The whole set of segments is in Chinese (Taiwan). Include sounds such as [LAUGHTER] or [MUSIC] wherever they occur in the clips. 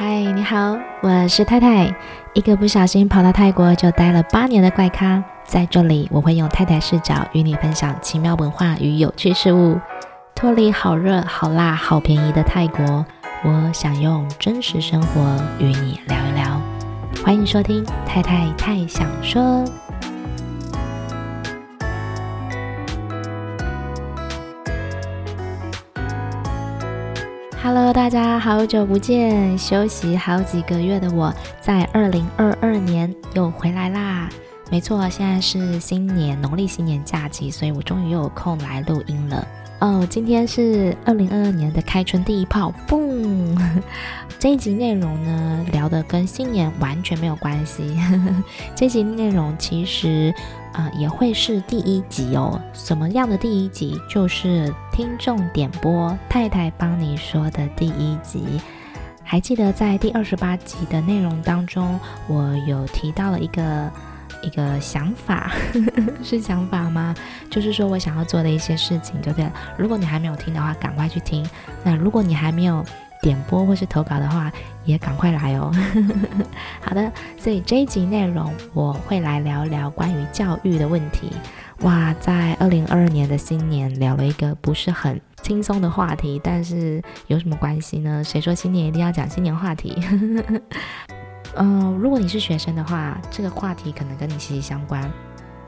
嗨，Hi, 你好，我是泰太，一個不小心跑到泰國就待了八年的怪咖，在這裡我會用泰太視角與你分享奇妙文化與有趣事物，脫離好熱、好辣、好便宜的泰國，我想用真實生活與你聊一聊，歡迎收聽泰太太想說。哈嘍，Hello, 大家好久不見！休息好幾個月的我，在二零二二年又回來啦。沒錯，現在是新年，農曆新年假期，所以我終於又有空來錄音了。哦，今天是二零二二年的開春第一炮，嘣！這一集內容呢，聊的跟新年完全沒有關係。這一集內容其實啊、呃，也會是第一集哦。什麼樣的第一集？就是聽眾點播太太幫你說的第一集。還記得在第二十八集的內容當中，我有提到了一個。一個想法 [LAUGHS] 是想法嗎？就是說我想要做的一些事情，對不對？如果你還沒有聽的話，趕快去聽。那如果你還沒有點播或是投稿的話，也趕快來哦。 [LAUGHS] 好的，所以這一集內容我會來聊聊關於教育的問題。哇，在二零二二年的新年聊了一個不是很輕鬆的話題，但是有什麼關係呢？誰說新年一定要講新年話題？ [LAUGHS] 嗯、呃，如果你是學生的話，這個話題可能跟你息息相關。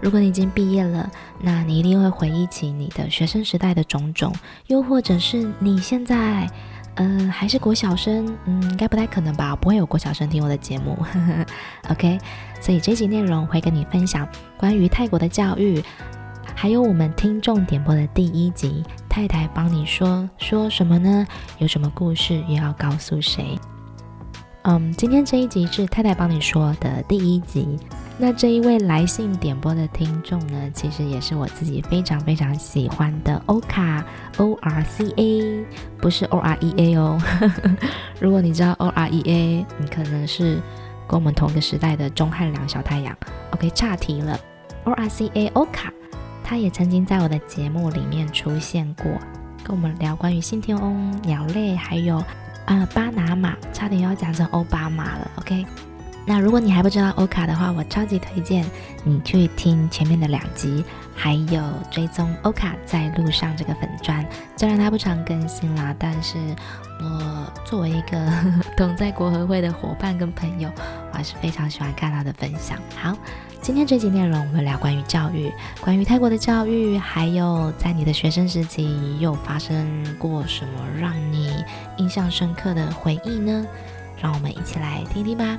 如果你已經畢業了，那你一定會回憶起你的學生時代的種種，又或者是你現在，嗯、呃，還是國小生，嗯，應該不太可能吧，不會有國小生聽我的節目呵呵。OK，所以這集內容會跟你分享關於泰國的教育，還有我們聽眾點播的第一集。太太幫你說說什麼呢？有什麼故事也要告訴誰？嗯，um, 今天這一集是太太幫你說的第一集。那這一位來信點播的聽眾呢，其實也是我自己非常非常喜歡的歐卡，O R C A O R C A，不是 O R E A 哦呵呵。如果你知道 O R E A，你可能是跟我們同一個時代的鍾漢良小太陽。OK，岔題了。O R C A 歐卡他也曾經在我的節目裡面出現過，跟我們聊關於信天翁鳥類，還有。啊，巴拿馬差點要講成歐巴馬了，OK？那如果你還不知道歐卡的話，我超級推薦你去聽前面的兩集，還有追蹤歐卡在路上這個粉專。雖然他不常更新啦，但是我作為一個同在國合會的夥伴跟朋友，我還是非常喜歡看他的分享。好。今天這集內容，我們聊關於教育，關於泰國的教育，還有在你的學生時期又發生過什麼讓你印象深刻的回憶呢？讓我們一起來聽聽吧。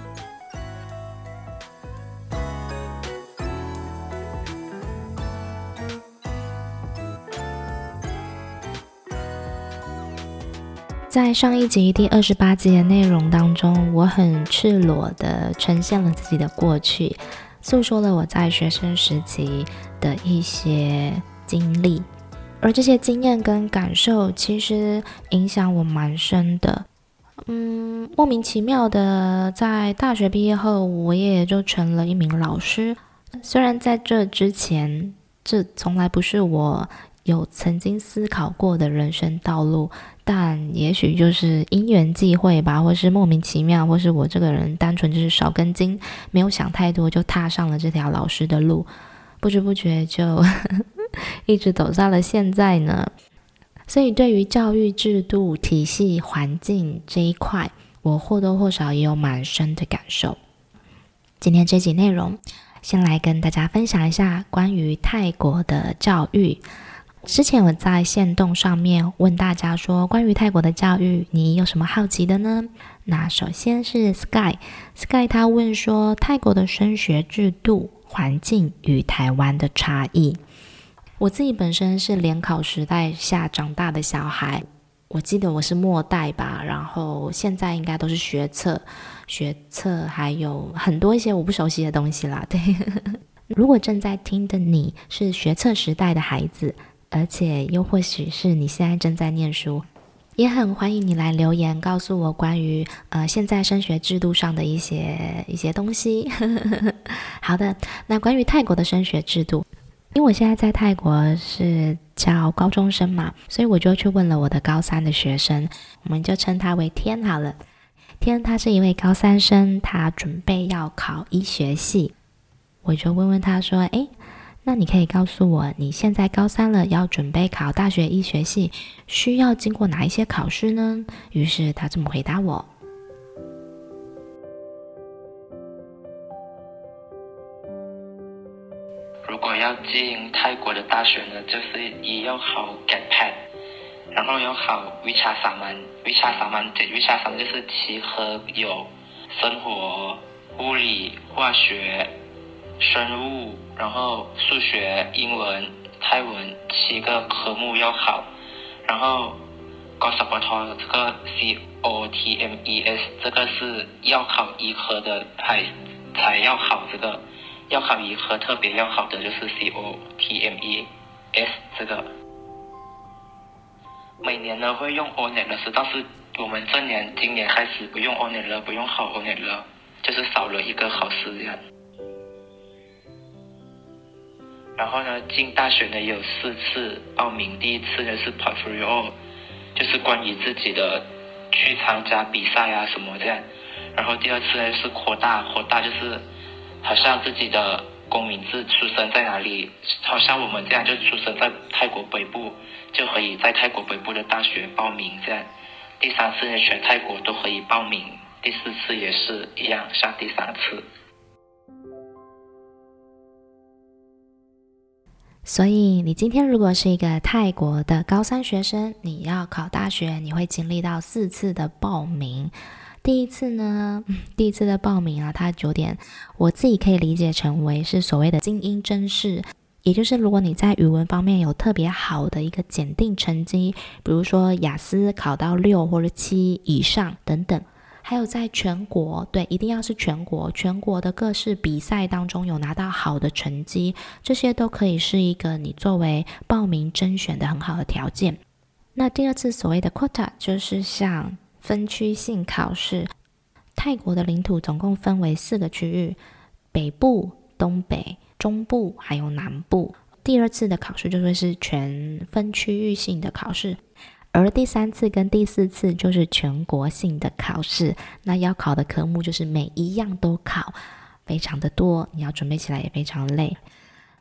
在上一集第二十八集的內容當中，我很赤裸地呈現了自己的過去。訴說了我在學生時期的一些經歷，而這些經驗跟感受其實影響我蠻深的。嗯，莫名其妙的，在大學畢業後，我也就成了一名老師。雖然在這之前，這從來不是我有曾經思考過的人生道路，但也許就是因緣際會吧，或是莫名其妙，或是我這個人單純就是少根筋，沒有想太多就踏上了這條老師的路，不知不覺就 [LAUGHS] 一直走到了現在呢。所以，對於教育制度體系環境這一塊，我或多或少也有蠻深的感受。今天這集內容，先來跟大家分享一下關於泰國的教育。之前我在限動上面問大家說，關於泰國的教育，你有什麼好奇的呢？那首先是 Sky，Sky 他問說，泰國的升學制度環境與台灣的差異。我自己本身是聯考時代下長大的小孩，我記得我是末代吧，然後現在應該都是學測，學測還有很多一些我不熟悉的東西啦。對， [LAUGHS] 如果正在聽的你是學測時代的孩子。而且又或許是你現在正在念書，也很歡迎你來留言告訴我關於呃現在升學制度上的一些一些東西。 [LAUGHS] 好的，那關於泰國的升學制度，因為我現在在泰國是教高中生嘛，所以我就去問了我的高三的學生，我們就稱他為天好了。天他是一位高三生，他準備要考醫學系，我就問問他說，誒……那你可以告訴我，你現在高三了，要準備考大學醫學系，需要經過哪一些考試呢？於是他這麼回答我：如果要進泰國的大學呢，就是一要考 GAT PAT，然後要考 Vichasaman，Vichasaman 這 Vichasaman 就是七科，有生活、物理、化學。生物，然後數學、英文、泰文七個科目要考，然後高斯巴托這個 C O T M E S 這個是要考一科的，才才要考這個，要考一科特別要考的就是 C O T M E S 這個。每年呢會用 O-NET，但是我們這年今年開始不用 O-NET 了，不用考 O-NET 了，就是少了一個考試這樣。然後呢，進大學呢有四次報名。第一次呢是 Portfolio 就是關於自己的去參加比賽啊什麼這樣。然後第二次呢是擴大，擴大就是好像自己的公民字出生在哪裡，好像我們這樣就出生在泰國北部，就可以在泰國北部的大學報名這樣。第三次呢全泰國都可以報名，第四次也是一樣像第三次。所以，你今天如果是一個泰國的高三學生，你要考大學，你會經歷到四次的報名。第一次呢，第一次的報名啊，它有點，我自己可以理解成為是所謂的精英甄試，也就是如果你在語文方面有特別好的一個檢定成績，比如說雅思考到六或者七以上等等。還有，在全國，對，一定要是全國，全國的各式比賽當中有拿到好的成績，這些都可以是一個你作為報名甄選的很好的條件。那第二次所謂的 quota 就是像分區性考試，泰國的領土總共分為四個區域：北部、東北、中部，還有南部。第二次的考試就會是全分區域性的考試。而第三次跟第四次就是全國性的考試，那要考的科目就是每一樣都考，非常的多，你要準備起來也非常累。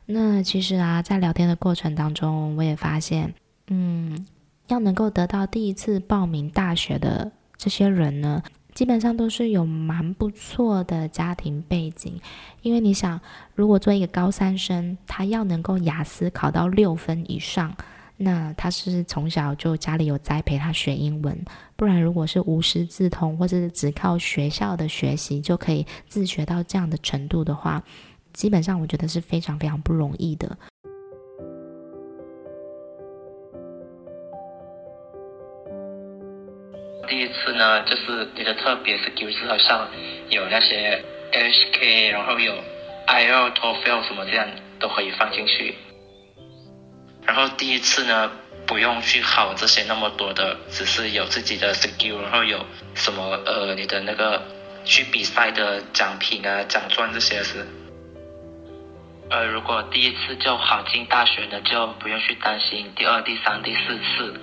那其實啊，在聊天的過程當中，我也發現，嗯，要能夠得到第一次報名大學的這些人呢，基本上都是有蠻不錯的家庭背景，因為你想，如果做一個高三生，他要能夠雅思考到六分以上。那他是從小就家裡有栽培他學英文，不然如果是無師自通或者是只靠學校的學習就可以自學到這樣的程度的話，基本上我覺得是非常非常不容易的。第一次呢，就是你的特別是 GWS 好像有那些 HK，然後有 IELTS、TOEFL 什麼這樣都可以放進去。然後第一次呢，不用去考這些那麼多的，只是有自己的 skill，然後有什麼呃，你的那個去比賽的獎品啊、獎狀這些是。呃，如果第一次就考進大學呢，就不用去擔心第二、第三、第四次。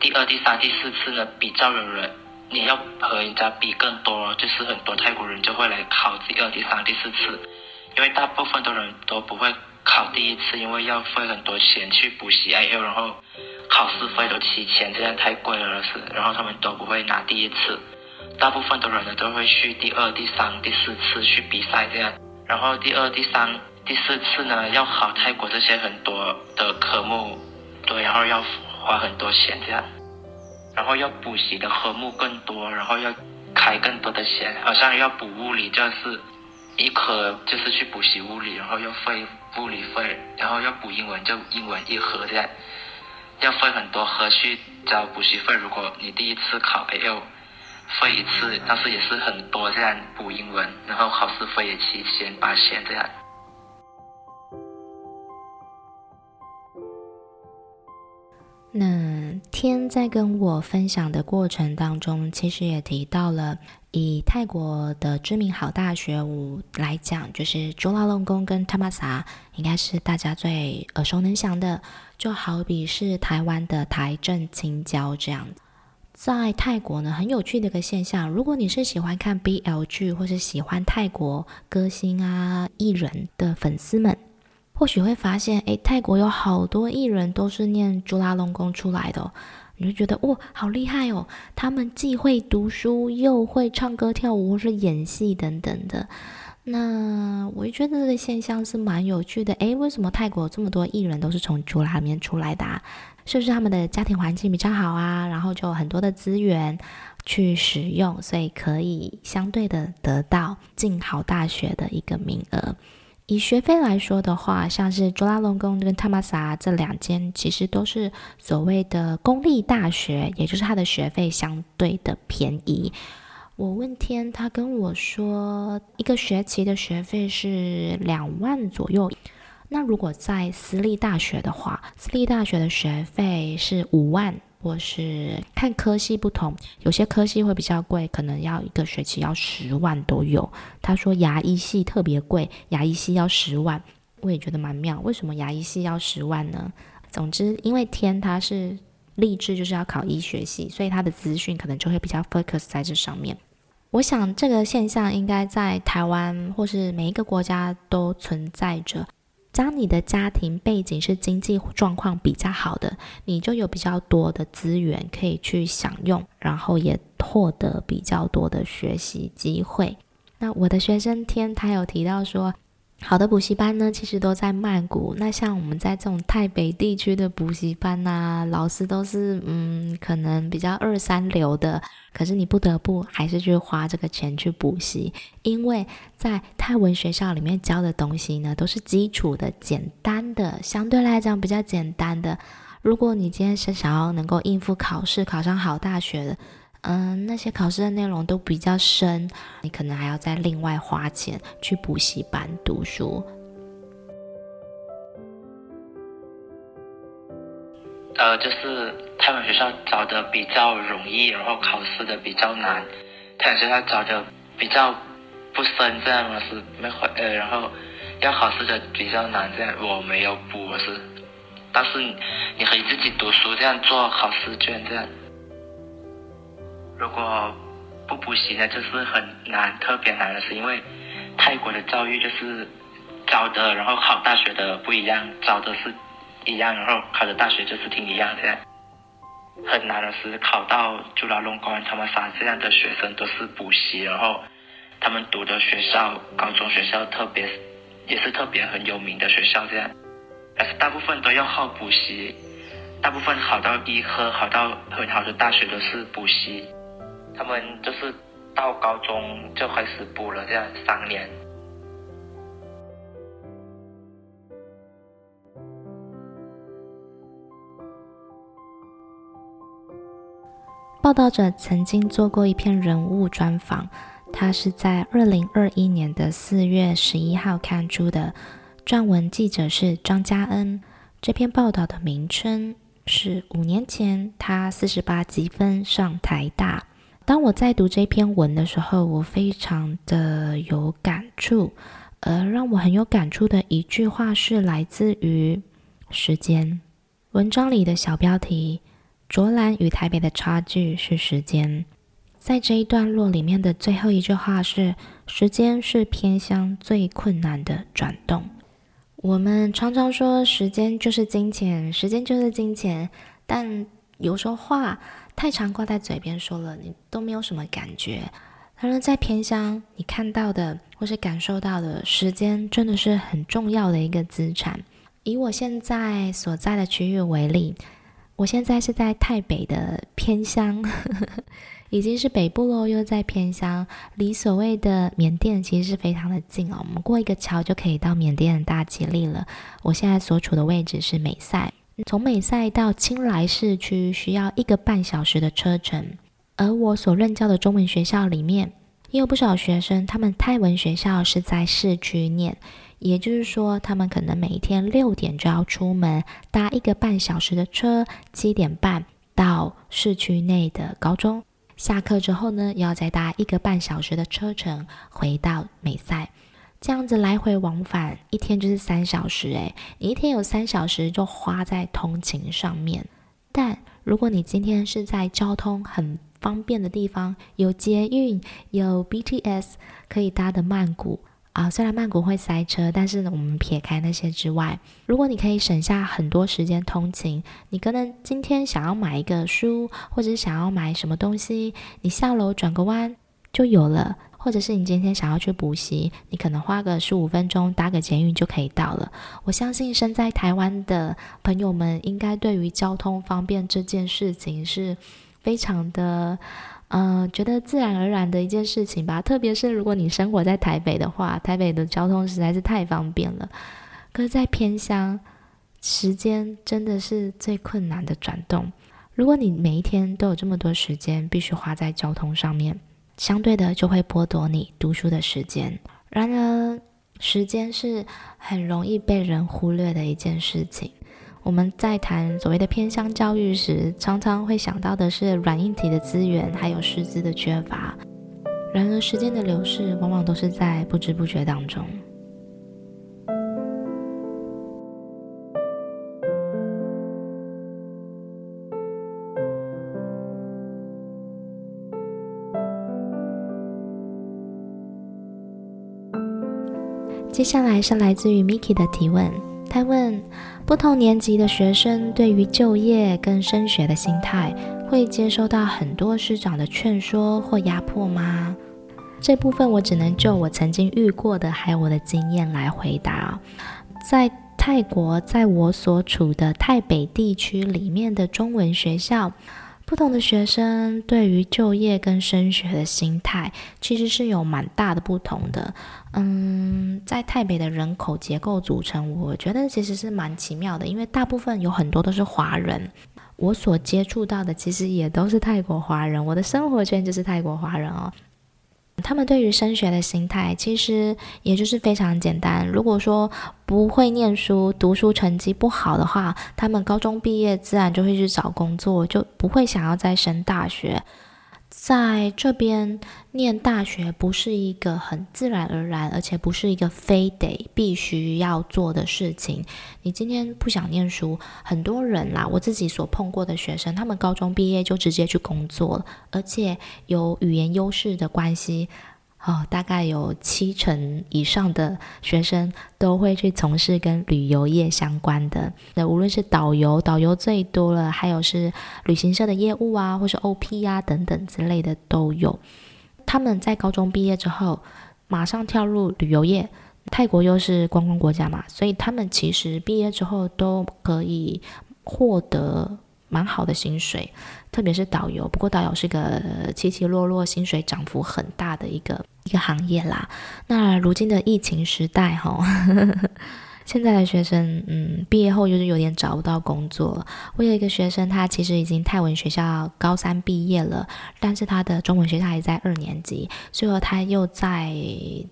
第二、第三、第四次呢，比較有人，你要和人家比更多，就是很多泰國人就會來考第二、第三、第四次，因為大部分的人都不會。考第一次，因為要費很多錢去補習 IELTS，然後考試費都七千，這樣太貴了是。然後他們都不會拿第一次，大部分的人呢都會去第二、第三、第四次去比賽這樣。然後第二、第三、第四次呢要考泰國這些很多的科目，對，然後要花很多錢這樣。然後要補習的科目更多，然後要開更多的錢，好像要補物理就是，一科就是去補習物理，然後又費。物理費，然後要補英文，就英文一盒這樣，要費很多盒去交補習費。如果你第一次考 A L，費一次，但是也是很多這樣補英文，然後考試費也七千八千這樣。那天在跟我分享的過程當中，其實也提到了。以泰國的知名好大學五來講，就是朱拉隆功跟塔瑪薩，應該是大家最耳熟能詳的，就好比是台灣的台政清交這樣。在泰國呢，很有趣的一個現象。如果你是喜歡看 BL 劇或是喜歡泰國歌星啊藝人的粉絲們，或許會發現，哎，泰國有好多藝人都是念朱拉隆功出來的哦。你就覺得哇、哦，好厲害哦！他們既會讀書，又會唱歌、跳舞，或是演戲等等的。那我就覺得這個現象是蠻有趣的。哎，為什麼泰國有這麼多藝人都是從朱拉裡面出來的啊？是不是他們的家庭環境比較好啊？然後就有很多的資源去使用，所以可以相對的得到進好大學的一個名額。以學費來說的話，像是朱拉隆功跟湯馬薩這兩間，其實都是所謂的公立大學，也就是它的學費相對的便宜。我問天，他跟我說，一個學期的學費是兩萬左右。那如果在私立大學的話，私立大學的學費是五萬。或是看科系不同，有些科系會比較貴，可能要一個學期要十萬都有。他說牙醫系特別貴，牙醫系要十萬，我也覺得蠻妙。為什麼牙醫系要十萬呢？總之，因為天他是立志就是要考醫學系，所以他的資訊可能就會比較 focus 在這上面。我想這個現象應該在台灣或是每一個國家都存在着。當你的家庭背景是經濟狀況比較好的，你就有比較多的資源可以去享用，然後也獲得比較多的學習機會。那我的學生天他有提到說。好的補習班呢，其實都在曼谷。那像我們在這種泰北地區的補習班啊，老師都是嗯，可能比較二三流的。可是你不得不還是去花這個錢去補習，因為在泰文學校裡面教的東西呢，都是基礎的、簡單的，相對來講比較簡單的。如果你今天是想要能夠應付考試、考上好大學的。嗯，那些考試的內容都比較深，你可能還要再另外花錢去補習班讀書。呃，就是他們學校招的比較容易，然後考試的比較難。他們學校招的比較不深，這樣老師沒會，呃，然後要考試的比較難，這樣我沒有補，我是，但是你，你可以自己讀書，這樣做考試卷，這樣。如果不補習呢，就是很難，特別難的是因為泰國的教育就是招的，然後考大學的不一樣，招的是一樣，然後考的大學就是挺一樣這樣。很難的是考到朱拉隆功，他們仨這樣的學生都是補習，然後他們讀的學校高中學校特別也是特別很有名的學校這樣，但是大部分都要靠補習，大部分考到醫科，考到很好的大學都是補習。他們就是到高中就開始補了，這樣三年。報道者曾經做過一篇人物專訪，他是在二零二一年的四月十一號刊出的。撰文記者是張嘉恩。這篇報道的名稱是《五年前他四十八級分上台大》。當我在讀這篇文的時候，我非常的有感觸，而讓我很有感觸的一句話是來自於時間文章裡的小標題“卓蘭與台北的差距是時間”。在這一段落裡面的最後一句話是“時間是偏鄉最困難的轉動”。我們常常說時間就是金錢，時間就是金錢，但有時候話。太常掛在嘴邊說了，你都沒有什麼感覺。當然，在偏鄉，你看到的或是感受到的時間，真的是很重要的一個資產。以我現在所在的區域為例，我現在是在泰北的偏鄉，已經是北部嘍，又在偏鄉，離所謂的緬甸其實是非常的近哦。我們過一個橋就可以到緬甸的大吉利了。我現在所處的位置是美賽。從美賽到清萊市區需要一個半小時的車程，而我所任教的中文學校裡面，也有不少學生，他們泰文學校是在市區念，也就是說，他們可能每天六點就要出門，搭一個半小時的車，七點半到市區內的高中，下課之後呢，要再搭一個半小時的車程回到美賽。這樣子來回往返，一天就是三小時。哎，你一天有三小時就花在通勤上面。但如果你今天是在交通很方便的地方，有捷運，有 BTS 可以搭的曼谷啊，雖然曼谷會塞車，但是呢，我們撇開那些之外，如果你可以省下很多時間通勤，你可能今天想要買一個書，或者想要買什麼東西，你下樓轉個彎就有了。或者是你今天想要去補習，你可能花個十五分鐘搭個捷運就可以到了。我相信身在台灣的朋友們應該對於交通方便這件事情是非常的，呃，覺得自然而然的一件事情吧。特別是如果你生活在台北的話，台北的交通實在是太方便了。可是，在偏鄉，時間真的是最困難的轉動。如果你每一天都有這麼多時間，必須花在交通上面。相對的，就會剝奪你讀書的時間。然而，時間是很容易被人忽略的一件事情。我們在談所謂的偏鄉教育時，常常會想到的是軟硬體的資源，還有師資的缺乏。然而，時間的流逝往往都是在不知不覺當中。接下來是來自於 Micky 的提問，他問：不同年級的學生對於就業跟升學的心態，會接受到很多師長的勸說或壓迫嗎？這部分我只能就我曾經遇過的，還有我的經驗來回答。在泰國，在我所處的泰北地區裡面的中文學校。不同的學生對於就業跟升學的心態，其實是有蠻大的不同的。嗯，在泰北的人口結構組成，我覺得其實是蠻奇妙的，因為大部分有很多都是華人。我所接觸到的，其實也都是泰國華人。我的生活圈就是泰國華人哦。他們對於升學的心態，其實也就是非常簡單。如果說不會念書、讀書成績不好的話，他們高中畢業自然就會去找工作，就不會想要再升大學。在這邊念大學不是一個很自然而然，而且不是一個非得必須要做的事情。你今天不想念書，很多人啦、啊，我自己所碰過的學生，他們高中畢業就直接去工作了，而且有語言優勢的關係。哦，大概有七成以上的學生都會去從事跟旅遊業相關的。那無論是導遊，導遊最多了，還有是旅行社的業務啊，或是 OP 啊，等等之類的都有。他們在高中畢業之後，馬上跳入旅遊業。泰國又是觀光國家嘛，所以他們其實畢業之後都可以獲得蠻好的薪水，特別是導遊。不過導遊是個起起落落、薪水漲幅很大的一個。一個行業啦，那如今的疫情時代，哦，吼，現在的學生，嗯，畢業後就是有點找不到工作了。我有一個學生，他其實已經泰文學校高三畢業了，但是他的中文學校也在二年級，所以說他又在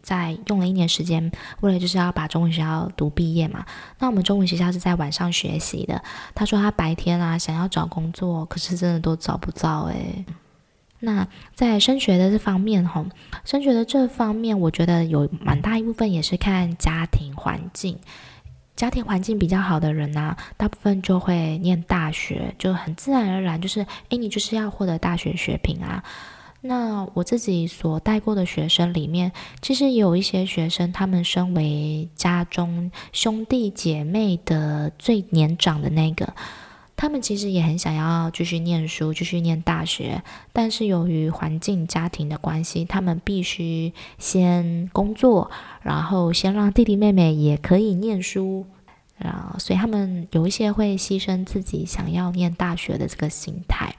在用了一年時間，為了就是要把中文學校讀畢業嘛。那我們中文學校是在晚上學習的，他說他白天啊想要找工作，可是真的都找不到哎，欸。那在升學的這方面，吼，升學的這方面，我覺得有蠻大一部分也是看家庭環境。家庭環境比較好的人呢、啊，大部分就會念大學，就很自然而然，就是哎，你就是要獲得大學文憑啊。那我自己所帶過的學生裡面，其實有一些學生，他們身為家中兄弟姐妹的最年長的那個。他們其實也很想要繼續念書，繼續念大學，但是由於環境、家庭的關係，他們必須先工作，然後先讓弟弟妹妹也可以念書，然後所以他們有一些會犧牲自己想要念大學的這個心態。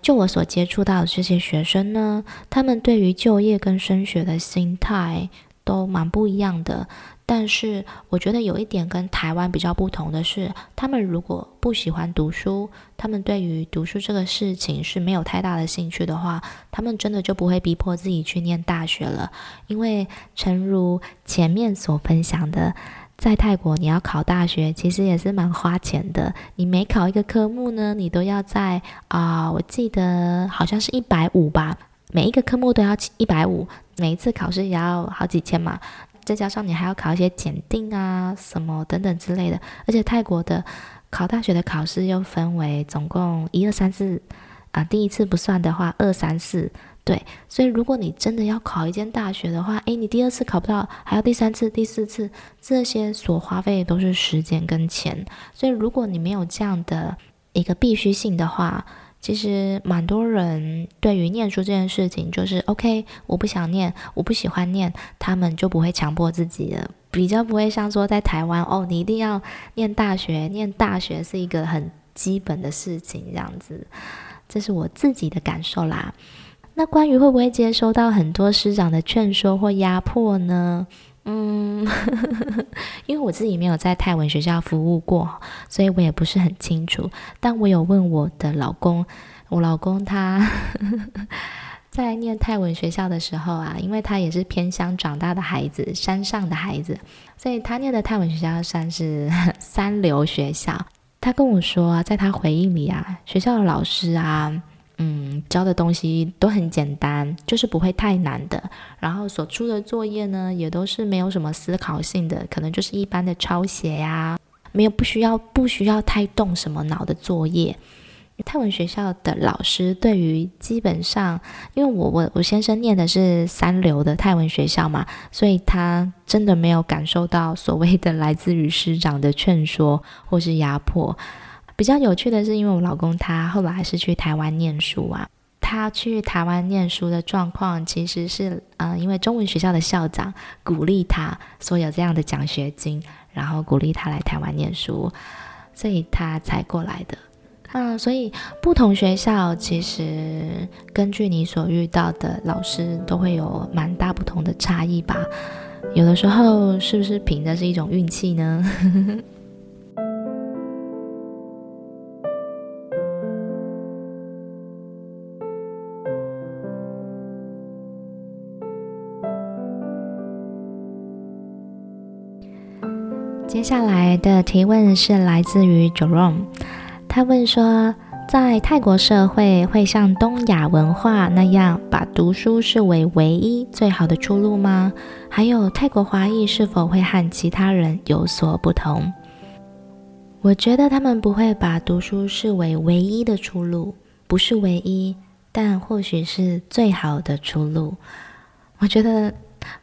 就我所接觸到的這些學生呢，他們對於就業跟升學的心態都蠻不一樣的。但是我覺得有一點跟台灣比較不同的是，他們如果不喜歡讀書，他們對於讀書這個事情是沒有太大的興趣的話，他們真的就不會逼迫自己去念大學了。因為誠如前面所分享的，在泰國你要考大學，其實也是蠻花錢的。你每考一個科目呢，你都要在啊、呃，我記得好像是一百五吧，每一個科目都要一百五，每一次考試也要好幾千嘛。再加上你還要考一些檢定啊什麼等等之類的，而且泰國的考大學的考試又分為總共一二三四啊，第一次不算的話，二三四對，所以如果你真的要考一間大學的話，誒，你第二次考不到，還要第三次、第四次，這些所花費都是時間跟錢，所以如果你沒有這樣的一個必須性的話。其實蠻多人對於念書這件事情，就是 OK，我不想念，我不喜歡念，他們就不會強迫自己了，比較不會像說在台灣哦，你一定要念大學，念大學是一個很基本的事情，這樣子，這是我自己的感受啦。那關於會不會接收到很多師長的勸說或壓迫呢？嗯呵呵，因為我自己沒有在泰文學校服務過，所以我也不是很清楚。但我有問我的老公，我老公他呵呵在念泰文學校的時候啊，因為他也是偏鄉長大的孩子，山上的孩子，所以他念的泰文學校算是三流學校。他跟我說，在他回憶裡啊，學校的老師啊。嗯，教的東西都很簡單，就是不會太難的。然後所出的作業呢，也都是沒有什麼思考性的，可能就是一般的抄寫呀、啊，沒有不需要不需要太動什麼腦的作業。泰文學校的老師對於基本上，因為我我我先生念的是三流的泰文學校嘛，所以他真的沒有感受到所謂的來自於師長的勸說或是壓迫。比較有趣的是，因為我老公他後來是去台灣念書啊，他去台灣念書的狀況其實是，呃，因為中文學校的校長鼓勵他，說有這樣的獎學金，然後鼓勵他來台灣念書，所以他才過來的。啊、呃，所以不同學校其實根據你所遇到的老師，都會有蠻大不同的差異吧。有的時候，是不是憑的是一種運氣呢？ [LAUGHS] 接下來的提問是來自於 Jerome，他問說，在泰國社會會像東亞文化那樣把讀書視為唯一最好的出路嗎？還有泰國華裔是否會和其他人有所不同？我覺得他們不會把讀書視為唯一的出路，不是唯一，但或許是最好的出路。我覺得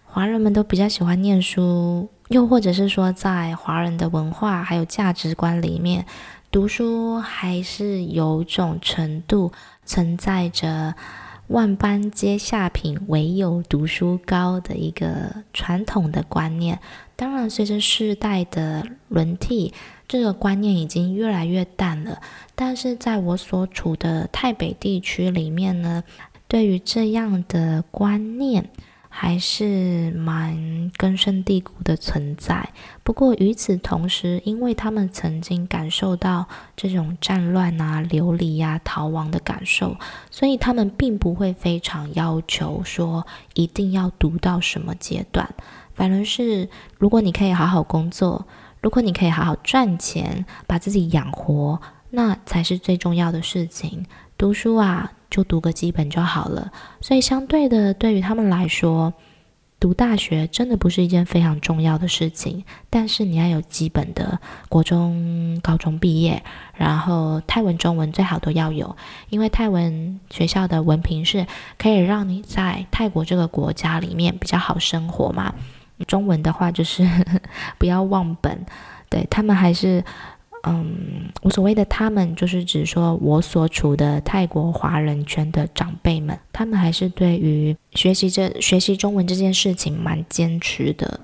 華人們都比較喜歡念書。又或者是說，在華人的文化還有價值觀裡面，讀書還是有種程度存在着“萬般皆下品，唯有讀書高的”一個傳統的觀念。當然，隨着世代的輪替，這個觀念已經越來越淡了。但是，在我所處的泰北地區裡面呢，對於這樣的觀念。還是蠻根深蒂固的存在。不過與此同時，因為他們曾經感受到這種戰亂啊、流離呀、逃亡的感受，所以他們並不會非常要求說一定要讀到什麼階段。反而是，如果你可以好好工作，如果你可以好好賺錢，把自己養活，那才是最重要的事情。讀書啊。就讀個基本就好了，所以相對的，對於他們來說，讀大學真的不是一件非常重要的事情。但是你要有基本的國中、高中畢業，然後泰文、中文最好都要有，因為泰文學校的文憑是可以讓你在泰國這個國家裡面比較好生活嘛。中文的話就是不要忘本，對他們還是。嗯，我所謂的他們，就是指說我所處的泰國華人圈的長輩們，他們還是對於學習這學習中文這件事情蠻堅持的。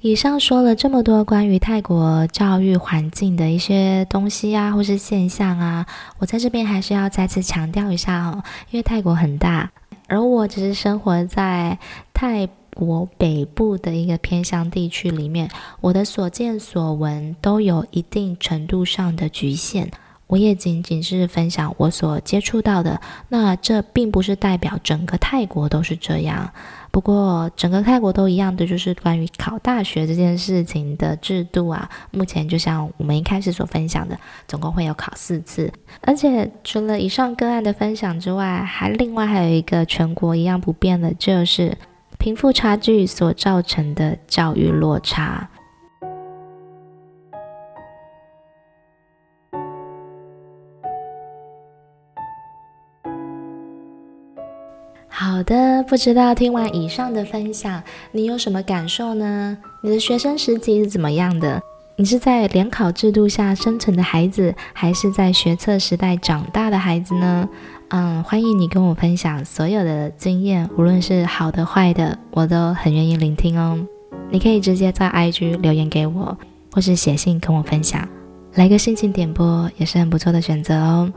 以上說了這麼多關於泰國教育環境的一些東西啊，或是現象啊，我在這邊還是要再次強調一下哦，因為泰國很大，而我只是生活在泰國北部的一個偏鄉地區裡面，我的所見所聞都有一定程度上的局限。我也僅僅是分享我所接觸到的，那這並不是代表整個泰國都是這樣。不過，整個泰國都一樣的就是關於考大學這件事情的制度啊。目前就像我們一開始所分享的，總共會有考四次。而且除了以上個案的分享之外，還另外還有一個全國一樣不變的就是。貧富差距所造成的教育落差。好的，不知道聽完以上的分享，你有什麼感受呢？你的學生時期是怎麼樣的？你是在聯考制度下生存的孩子，還是在學測時代長大的孩子呢？嗯，歡迎你跟我分享所有的經驗，無論是好的壞的，我都很願意聆聽哦。你可以直接在 IG 留言給我，或是寫信跟我分享。來個心情點播也是很不錯的選擇哦。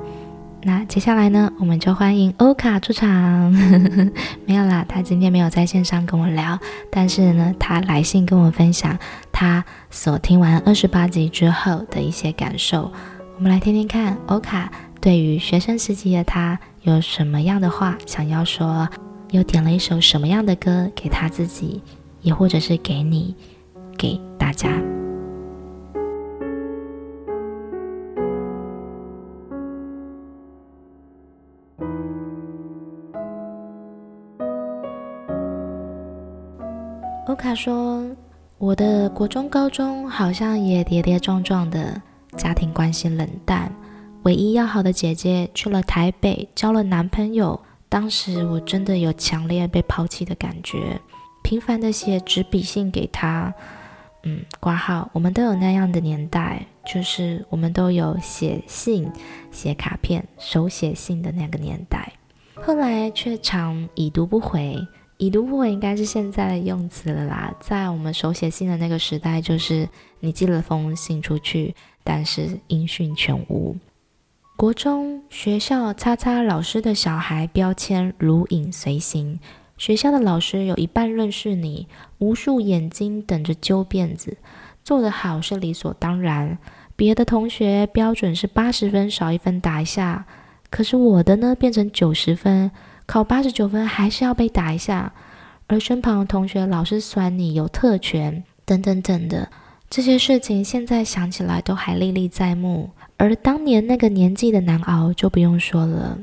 那接下來呢，我們就歡迎歐卡出場。 [LAUGHS] 沒有啦，他今天沒有在線上跟我聊，但是呢，他來信跟我分享他所聽完二十八集之後的一些感受。我們來聽聽看，歐卡對於學生時期的他有什麼樣的話想要說，又點了一首什麼樣的歌給他自己，也或者是給你，給大家。卡說：“我的國中、高中好像也跌跌撞撞的，家庭關係冷淡，唯一要好的姐姐去了台北，交了男朋友。當時我真的有強烈被拋棄的感覺，頻繁地寫紙筆信給她。嗯，掛號。我們都有那樣的年代，就是我們都有寫信、寫卡片、手寫信的那個年代。後來卻常已讀不回。”已讀不回應該是現在的用詞了啦，在我們手寫信的那個時代，就是你寄了封信出去，但是音訊全無。國中學校叉叉老師的小孩標籤如影隨形，學校的老師有一半認識你，無數眼睛等着揪辮子，做得好是理所當然。別的同學標準是八十分少一分打一下，可是我的呢，變成九十分。考八十九分還是要被打一下，而身旁的同學老是酸你有特權等等等的這些事情，現在想起來都還歷歷在目。而當年那個年紀的難熬就不用說了，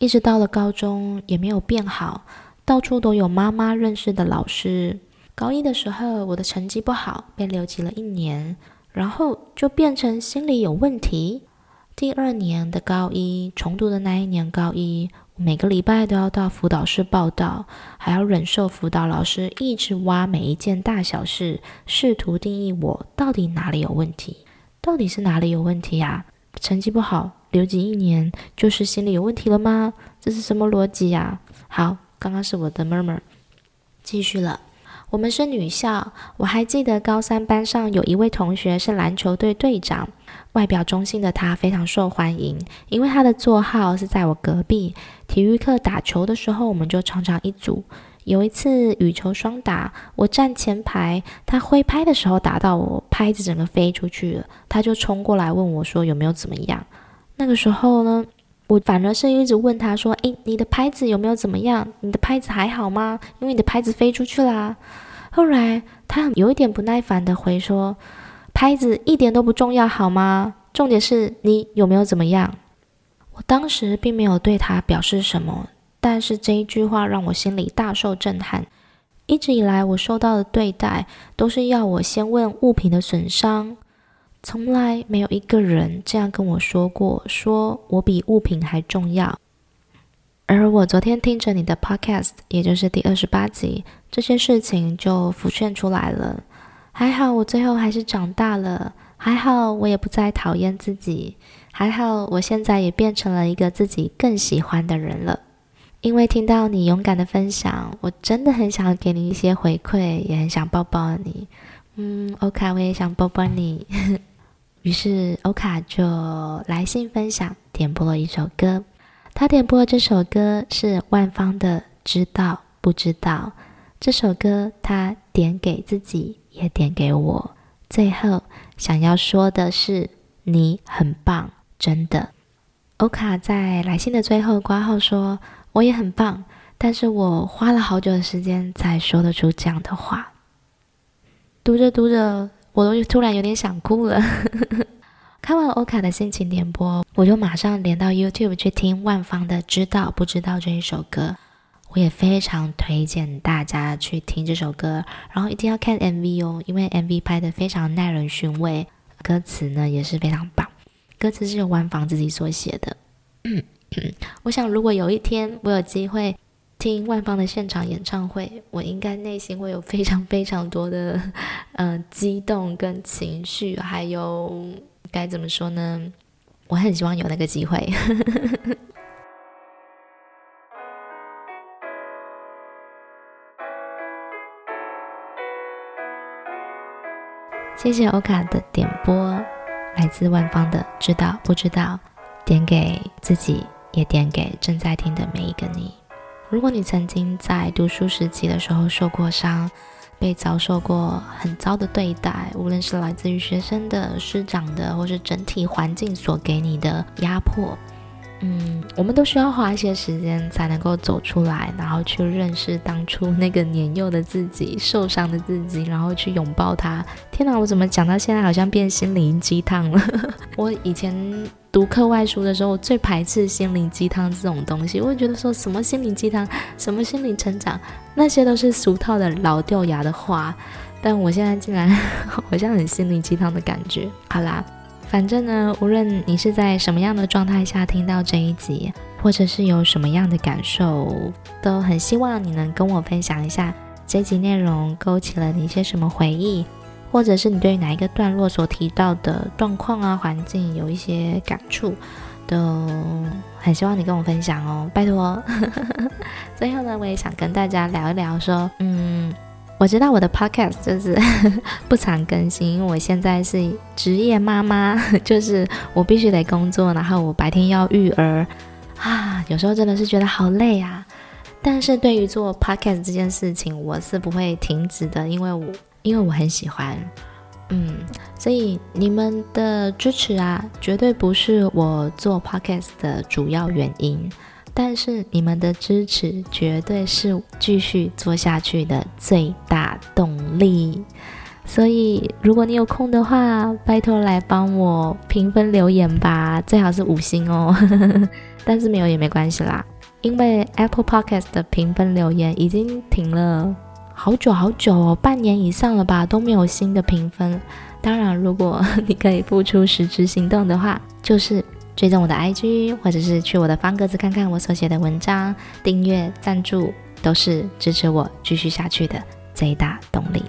一直到了高中也沒有變好，到處都有媽媽認識的老師。高一的時候，我的成績不好，被留級了一年，然後就變成心理有問題。第二年的高一重讀的那一年高一，每個禮拜都要到輔導室報到，還要忍受輔導老師一直挖每一件大小事，試圖定義我到底哪裡有問題，到底是哪裡有問題啊？成績不好留級一年，就是心理有問題了嗎？這是什麼邏輯啊？好，剛剛是我的 Murmur 繼續了。我們是女校，我還記得高三班上有一位同學是籃球隊隊長。外表中性的他非常受歡迎，因為他的座號是在我隔壁。體育課打球的時候，我們就常常一組。有一次羽球雙打，我站前排，他揮拍的時候打到我，拍子整個飛出去了，他就衝過來問我說有沒有怎麼樣。那個時候呢，我反而是一直問他說：“誒，你的拍子有沒有怎麼樣？你的拍子還好嗎？因為你的拍子飛出去了啊。”後來他有一點不耐煩地回說。拍子一點都不重要，好嗎？重點是你有沒有怎麼樣？我當時並沒有對他表示什麼，但是這一句話讓我心裡大受震撼。一直以來我受到的對待都是要我先問物品的損傷，從來沒有一個人這樣跟我說過，說我比物品還重要。而我昨天聽着你的 Podcast，也就是第二十八集，這些事情就浮現出來了。還好，我最後還是長大了。還好，我也不再討厭自己。還好，我現在也變成了一個自己更喜歡的人了。因為聽到你勇敢的分享，我真的很想給你一些回饋，也很想抱抱你。嗯，歐卡，我也想抱抱你。 [LAUGHS] 於是，歐卡就來信分享，點播了一首歌。他點播的這首歌是萬芳的《知道不知道》。這首歌，他點給自己。也點給我。最後想要說的是，你很棒，真的。歐卡在來信的最後括號說，我也很棒，但是我花了好久的時間才說得出這樣的話。讀着讀着，我都突然有點想哭了。 [LAUGHS] 看完歐卡的心情點播，我就馬上連到 YouTube 去聽萬芳的《知道不知道》這一首歌。我也非常推薦大家去聽這首歌，然後一定要看 MV 哦，因為 MV 拍得非常耐人尋味，歌詞呢也是非常棒。歌詞是由萬芳自己所寫的。 [COUGHS] 我想，如果有一天我有機會聽萬芳的現場演唱會，我應該內心會有非常非常多的，呃，激動跟情緒，還有該怎麼說呢？我很希望有那個機會。 [LAUGHS] 謝謝歐卡的點播，來自萬芳的知道不知道，點給自己，也點給正在聽的每一個你。如果你曾經在讀書時期的時候受過傷，被遭受過很糟的對待，無論是來自於學生的、師長的，或是整體環境所給你的壓迫。嗯，我們都需要花一些時間才能夠走出來，然後去認識當初那個年幼的自己、受傷的自己，然後去擁抱他。天哪，我怎麼講到現在好像變心靈雞湯了？ [LAUGHS] 我以前讀課外書的時候，我最排斥心靈雞湯這種東西，我覺得說什麼心靈雞湯、什麼心靈成長，那些都是俗套的老掉牙的話。但我現在竟然好像很心靈雞湯的感覺。好啦。反正呢，無論你是在什麼樣的狀態下聽到這一集，或者是有什麼樣的感受，都很希望你能跟我分享一下。這一集內容勾起了你一些什麼回憶，或者是你對於哪一個段落所提到的狀況啊、環境有一些感觸，都很希望你跟我分享哦，拜託。 [LAUGHS] 最後呢，我也想跟大家聊一聊，說，嗯。我知道我的 podcast 就是不常更新，因為我現在是職業媽媽，就是我必須得工作，然後我白天要育兒，啊，有時候真的是覺得好累啊。但是對於做 podcast 這件事情，我是不會停止的，因為我因為我很喜歡。嗯，所以你們的支持啊，絕對不是我做 podcast 的主要原因。但是你們的支持絕對是繼續做下去的最大動力，所以如果你有空的話，拜托來幫我評分留言吧，最好是五星哦。 [LAUGHS] 但是沒有也沒關係啦，因為 Apple Podcast 的評分留言已經停了好久好久哦，半年以上了吧，都沒有新的評分。當然，如果你可以付出實質行動的話，就是，追蹤我的 IG，或者是去我的方格子看看我所寫的文章，訂閱、贊助都是支持我繼續下去的最大動力。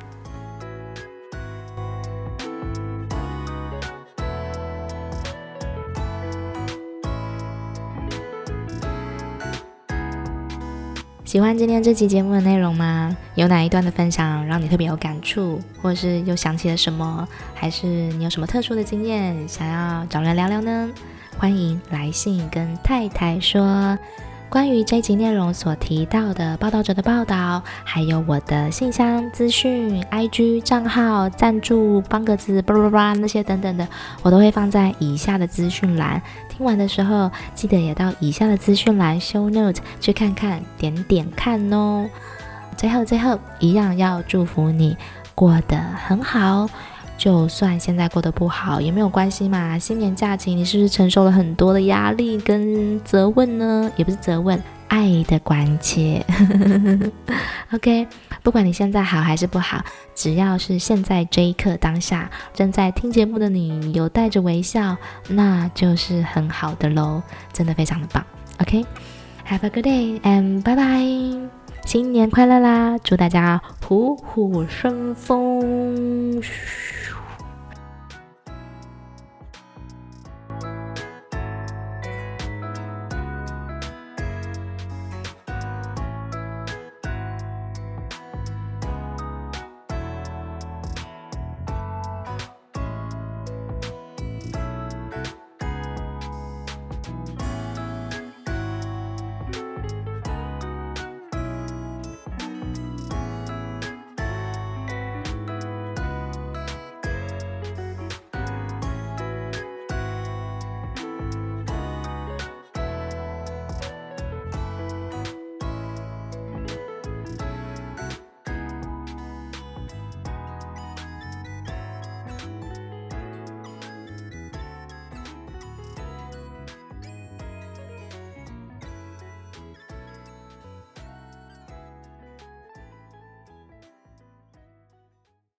喜歡今天這期節目的內容嗎？有哪一段的分享讓你特別有感觸，或者是又想起了什麼，還是你有什麼特殊的經驗，想要找人聊聊呢？歡迎來信跟泰太說，關於這一集內容所提到的報道者的報道，還有我的信箱資訊、IG 賬號、贊助方格子、叭叭叭那些等等的，我都會放在以下的資訊欄。聽完的時候，記得也到以下的資訊欄 show note 去看看、點點看哦。最後，最後一樣要祝福你過得很好。就算現在過得不好也沒有關係嘛。新年假期，你是不是承受了很多的壓力跟責問呢？也不是責問，愛的關切。 [LAUGHS] OK，不管你現在好還是不好，只要是現在這一刻當下正在聽節目的你有帶着微笑，那就是很好的嘍，真的非常的棒。OK，Have a good day and bye bye。新年快樂啦！祝大家虎虎生風。